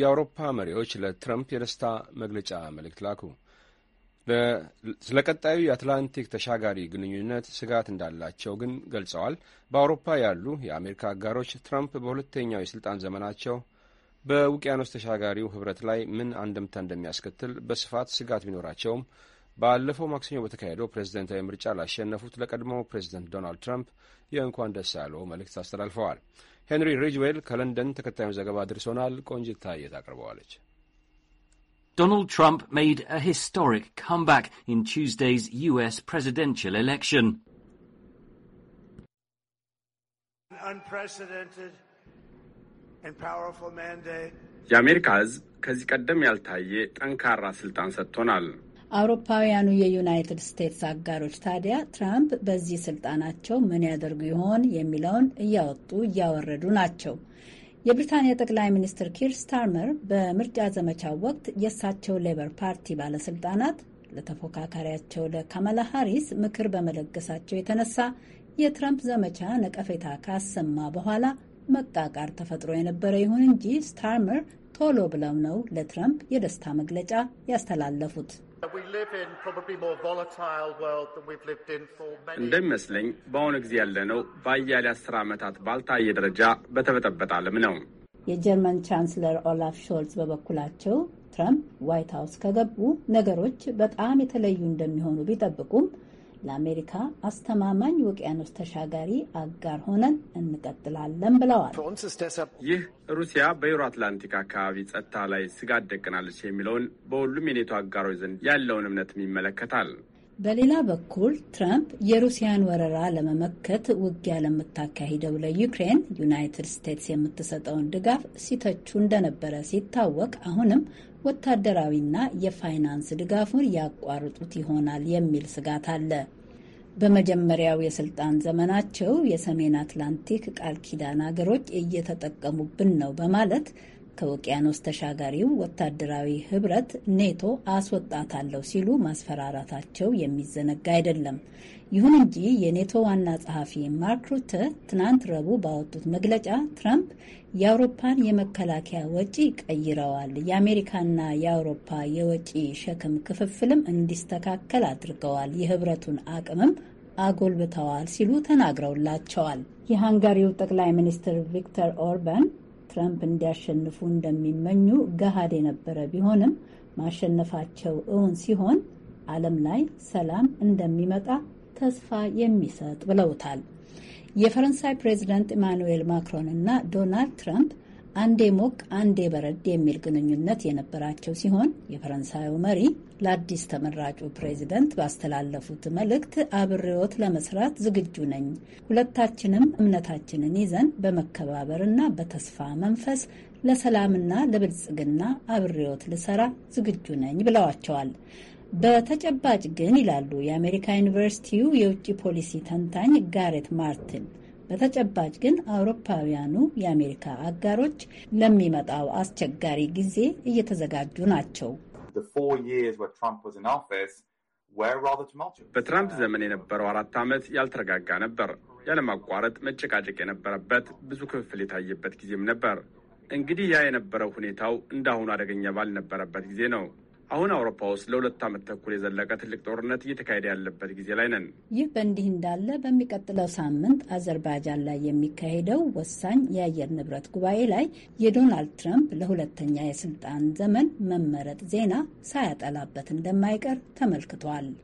የአውሮፓ መሪዎች ለትረምፕ የደስታ መግለጫ መልእክት ላኩ። ስለ ቀጣዩ የአትላንቲክ ተሻጋሪ ግንኙነት ስጋት እንዳላቸው ግን ገልጸዋል። በአውሮፓ ያሉ የአሜሪካ አጋሮች ትራምፕ በሁለተኛው የሥልጣን ዘመናቸው በውቅያኖስ ተሻጋሪው ህብረት ላይ ምን አንድምታ እንደሚያስከትል በስፋት ስጋት ቢኖራቸውም ባለፈው ማክሰኞ በተካሄደው ፕሬዝደንታዊ ምርጫ ላሸነፉት ለቀድሞው ፕሬዝደንት ዶናልድ ትራምፕ የእንኳን ደስ ያለው መልእክት አስተላልፈዋል። ሄንሪ ሪጅዌል ከለንደን ተከታዩን ዘገባ አድርሶናል። አቅርበዋለች። Donald Trump made a historic comeback in Tuesday's U.S. presidential election. An unprecedented and powerful mandate. የአሜሪካ ሕዝብ ከዚህ ቀደም ያልታየ ጠንካራ ስልጣን ሰጥቶናል። አውሮፓውያኑ የዩናይትድ ስቴትስ አጋሮች ታዲያ ትራምፕ በዚህ ስልጣናቸው ምን ያደርጉ ይሆን የሚለውን እያወጡ እያወረዱ ናቸው። የብሪታንያ ጠቅላይ ሚኒስትር ኪር ስታርመር በምርጫ ዘመቻው ወቅት የእሳቸው ሌበር ፓርቲ ባለስልጣናት ለተፎካካሪያቸው ለካመላ ሃሪስ ምክር በመለገሳቸው የተነሳ የትራምፕ ዘመቻ ነቀፌታ ካሰማ በኋላ መቃቃር ተፈጥሮ የነበረ ይሁን እንጂ ስታርመር ቶሎ ብለው ነው ለትራምፕ የደስታ መግለጫ ያስተላለፉት። እንደሚመስለኝ በአሁኑ ጊዜ ያለነው በአያሌ አስር ዓመታት ባልታየ ደረጃ በተበጠበጠ ዓለም ነው። የጀርመን ቻንስለር ኦላፍ ሾልዝ በበኩላቸው ትራምፕ ዋይት ሀውስ ከገቡ ነገሮች በጣም የተለዩ እንደሚሆኑ ቢጠብቁም ለአሜሪካ አስተማማኝ ውቅያኖስ ተሻጋሪ አጋር ሆነን እንቀጥላለን ብለዋል። ይህ ሩሲያ በዩሮ አትላንቲክ አካባቢ ጸጥታ ላይ ስጋት ደቅናለች የሚለውን በሁሉም የኔቶ አጋሮች ዘንድ ያለውን እምነትም ይመለከታል። በሌላ በኩል ትራምፕ የሩሲያን ወረራ ለመመከት ውጊያ ለምታካሂደው ለዩክሬን ዩናይትድ ስቴትስ የምትሰጠውን ድጋፍ ሲተቹ እንደነበረ ሲታወቅ አሁንም ወታደራዊና የፋይናንስ ድጋፉን ያቋርጡት ይሆናል የሚል ስጋት አለ። በመጀመሪያው የስልጣን ዘመናቸው የሰሜን አትላንቲክ ቃል ኪዳን አገሮች እየተጠቀሙብን ነው በማለት ከውቅያኖስ ተሻጋሪው ወታደራዊ ህብረት ኔቶ አስወጣታለሁ ሲሉ ማስፈራራታቸው የሚዘነጋ አይደለም። ይሁን እንጂ የኔቶ ዋና ጸሐፊ ማርክ ሩተ ትናንት ረቡዕ ባወጡት መግለጫ ትራምፕ የአውሮፓን የመከላከያ ወጪ ቀይረዋል፣ የአሜሪካና የአውሮፓ የወጪ ሸክም ክፍፍልም እንዲስተካከል አድርገዋል፣ የህብረቱን አቅምም አጎልብተዋል ሲሉ ተናግረውላቸዋል። የሃንጋሪው ጠቅላይ ሚኒስትር ቪክተር ኦርባን ትራምፕ እንዲያሸንፉ እንደሚመኙ ገሃድ የነበረ ቢሆንም ማሸነፋቸው እውን ሲሆን ዓለም ላይ ሰላም እንደሚመጣ ተስፋ የሚሰጥ ብለውታል። የፈረንሳይ ፕሬዚዳንት ኢማኑኤል ማክሮን እና ዶናልድ ትራምፕ አንዴ ሞቅ አንዴ በረድ የሚል ግንኙነት የነበራቸው ሲሆን የፈረንሳዩ መሪ ለአዲስ ተመራጩ ፕሬዚደንት ባስተላለፉት መልእክት አብሬዎት ለመስራት ዝግጁ ነኝ፣ ሁለታችንም እምነታችንን ይዘን በመከባበርና በተስፋ መንፈስ ለሰላምና ለብልጽግና አብሬዎት ልሰራ ዝግጁ ነኝ ብለዋቸዋል። በተጨባጭ ግን ይላሉ የአሜሪካ ዩኒቨርሲቲው የውጭ ፖሊሲ ተንታኝ ጋሬት ማርቲን በተጨባጭ ግን አውሮፓውያኑ የአሜሪካ አጋሮች ለሚመጣው አስቸጋሪ ጊዜ እየተዘጋጁ ናቸው። በትራምፕ ዘመን የነበረው አራት ዓመት ያልተረጋጋ ነበር። ያለማቋረጥ መጨቃጨቅ የነበረበት ብዙ ክፍፍል የታየበት ጊዜም ነበር። እንግዲህ ያ የነበረው ሁኔታው አሁኑ አደገኛ ባልነበረበት ጊዜ ነው። አሁን አውሮፓ ውስጥ ለሁለት ዓመት ተኩል የዘለቀ ትልቅ ጦርነት እየተካሄደ ያለበት ጊዜ ላይ ነን። ይህ በእንዲህ እንዳለ በሚቀጥለው ሳምንት አዘርባጃን ላይ የሚካሄደው ወሳኝ የአየር ንብረት ጉባኤ ላይ የዶናልድ ትራምፕ ለሁለተኛ የስልጣን ዘመን መመረጥ ዜና ሳያጠላበት እንደማይቀር ተመልክቷል።